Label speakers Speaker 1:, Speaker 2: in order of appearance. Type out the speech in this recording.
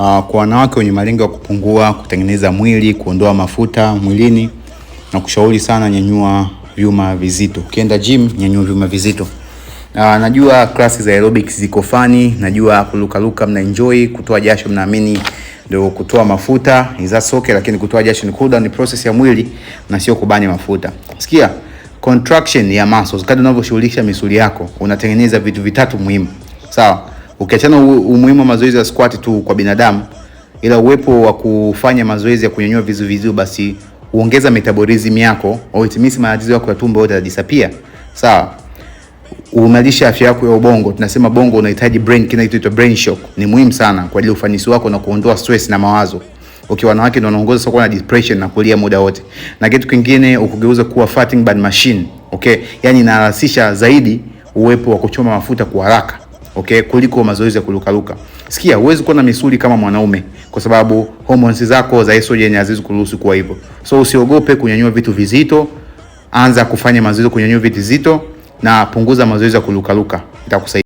Speaker 1: uh, kwa wanawake wenye malengo ya kupungua, kutengeneza mwili, kuondoa mafuta mwilini na kushauri sana nyanyua vyuma vizito. Ukienda gym, nyanyua vyuma vizito. Uh, najua klasi za aerobics ziko fani, najua kulukaluka mna enjoy, kutoa jasho mnaamini ndio kutoa mafuta iza soke, lakini kutoa jasho ni cool down, ni process ya mwili na sio kubani mafuta. Sikia, contraction ya muscles, kadri unavyoshughulisha misuli yako unatengeneza vitu vitatu muhimu, sawa? so, Ukiachana umuhimu wa mazoezi ya squat tu kwa binadamu, ila uwepo wa kufanya mazoezi ya kunyanyua vizu vizu basi uongeza metabolism yako, au hitimisha matatizo yako ya tumbo yote yatadisappear. Sawa? unalisha afya yako ya ubongo. Tunasema bongo unahitaji brain, kile kinaitwa brain shock ni muhimu sana kwa ajili ya ufanisi wako na kuondoa stress na mawazo. Okay, wanawake ndio wanaongoza sokoni na depression na kulia muda wote. Na kitu kingine ukugeuza kuwa fatting burn machine. Okay, Yaani inahalasisha zaidi uwepo wa kuchoma mafuta kwa haraka okay, kuliko mazoezi ya kurukaruka. Sikia, huwezi kuwa na misuli kama mwanaume kwa sababu hormones zako za estrogen hazizi kuruhusu kuwa hivyo. So usiogope kunyanyua vitu vizito, anza kufanya mazoezi kunyanyua vitu vizito na punguza mazoezi ya kurukaruka, itakusaidia.